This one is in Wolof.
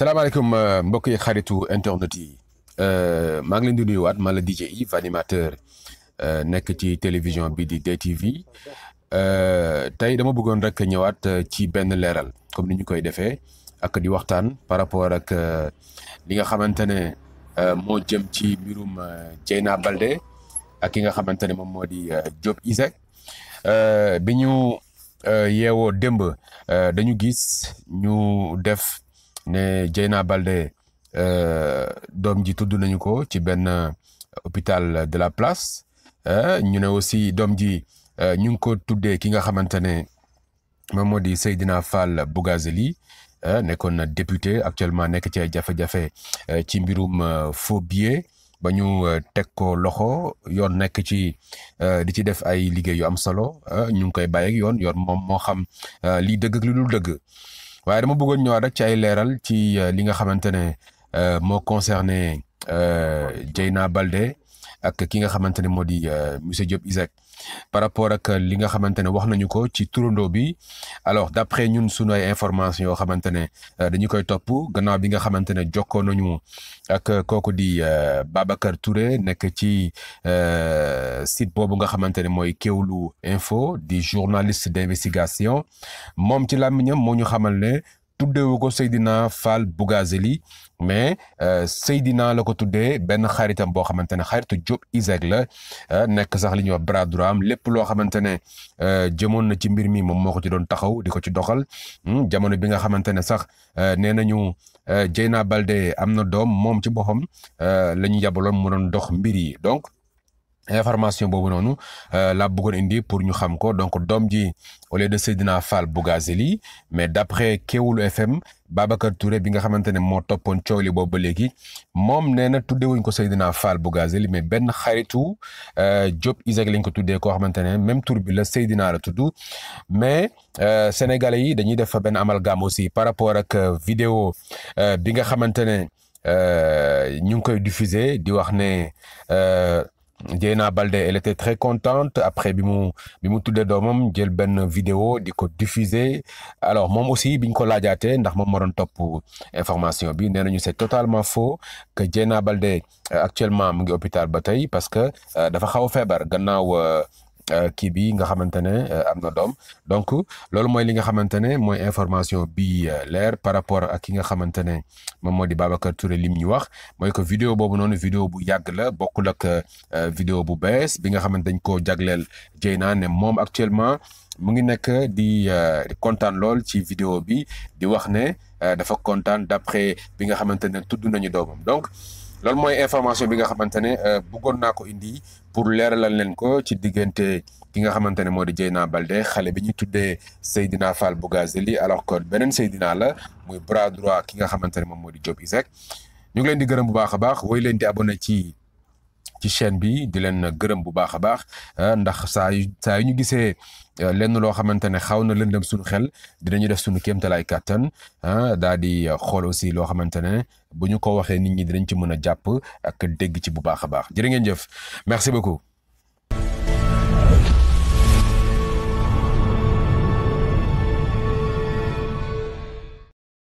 salaamaaleykum euh, mbokk yi xaritu internet yi euh, maa ngi leen di nuyuwaat man la DJ Yves animateur euh, nekk ci télévision bi di DTV tey dama bëggoon rek ñëwaat ci benn leeral comme ni ñu koy defee ak di waxtaan par rapport ak li nga xamante ne moo jëm ci mbirum Dieyna Baldé ak ki nga xamante ne moom moo di Diop Iseg bi ñu yeewoo dëmb dañu gis ñu def. ne Dieyna Baldé euh, doom ji tudd nañu ko ci benn euh, hôpital de la place euh, ñu ne aussi doom ji ñu ngi ko tuddee ki nga xamante ne moom moo di Seydina Fall Bougazeli nekkoon na député actuellement nekk ci ay jafe-jafe ci mbirum faux billets ba ñu teg ko loxo yoon nekk ci di ci def ay liggéey yu am solo ñu ngi koy bàyyi yoon yoon moom moo xam lii dëgg li dul dëgg. waaye dama bëggoon ñëwaat rek ci ay leeral ci euh, li nga xamante ne euh, moo concerné euh, Dieyna Baldé ak ki nga xamante ne moo di euh, monsieur Diop Isaac par rapport ak li nga xamante ne wax nañu ko ci turandoo bi alors d'après ñun sunu ay information yoo xamante ne euh, dañu koy topp gannaaw bi nga xamante ne jokkoo nañu ak kooku di euh, Babacar Touré nekk ci site boobu nga xamante ne mooy Kéwoulo Info di journaliste d'investigation moom ci làmmiñam moo ñu xamal ne tuddeewu ko Seydina Fall Bougazeli mais euh, Seydina la ko tuddee benn xaritam boo xamante ne xaritu Diop Isaac la euh, nekk sax li ñuy wax bras am lépp loo xamante ne euh, jëmoon na ci mbir mi moom moo ko ci doon taxaw di ko ci doxal hmm, jamono bi nga xamante ne sax nee nañu Dieyna balde am na doom moom ci boppam la ñu yabaloon mu doon dox mbir yi donc. information boobu noonu euh, laa bëggoon indi pour ñu xam ko donc doom ji au lieu de Seydina Fall Bougazelli mais d'après Kewulu FM Babacar Touré bi nga xamante ne moo toppoon coow li boobu ba léegi moom nee na tuddewuñ ko Seydina Fall Bougazelli mais benn xaritu euh, Diop Isaac lañ ko tuddee koo xamante ne même tur bi la Seydina la tudd mais euh, sénégalais yi dañuy def benn amalgame aussi par rapport ak vidéo bi nga xamante ne ñu ngi koy diffuser di wax ne. Dieyna Balde elle était très contente après bi mu bi mu tuddee doomam jël benn vidéo di ko diffuser alors moom aussi bi ñu ko laajaatee ndax moom moo doon topp information bi nee nañu c'est totalement faux que Dieyna Balde euh, actuellement mu ngi hopital ba tey parce que euh, dafa xaw a feebar gannaaw. Euh, Euh, kii bi nga xamante ne euh, am na doom donc loolu mooy li nga xamante ne mooy information bi euh, leer par rapport ak ki nga xamante ne moom moo di Babacar Touré lim ñu wax mooy que video boobu noonu video bu yàgg la bokkul ak vidéo bu bees bi nga xamante dañ koo jagleel Dieyna ne moom actuellement mu ngi nekk di kontaan lool ci vidéo bi di wax ne dafa kontaan d'après bi nga xamante ne tudd nañu doomam donc loolu mooy information bi nga xamante ne euh, bëggoon naa ko indi pour leeralal leen ko ci diggante ki nga xamante ne moo di Dieyna Baldé xale bi ñu tuddee Seydina Fall Bougazelli alors que beneen Seydina la muy bras droit ki nga xamante ne moom moo di Diop Isaac ñu ngi leen di gërëm bu baax a baax woy leen di abonné ci. ci chaîne bi di leen gërëm bu baax a baax ah, ndax saa yu saa yu ñu gisee ah, lenn loo xamante ne xaw na lëndëm sunu xel dinañu def suñu kéemtalaay kàttan ah, daa di xool aussi loo xamante ne bu ñu ko waxee nit ñi dinañ ci mën a jàpp ak dégg ci bu baax a baax jërë ngeen jëf merci beaucoup.